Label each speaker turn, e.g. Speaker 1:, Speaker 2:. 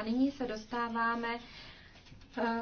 Speaker 1: A nyní se dostáváme eh,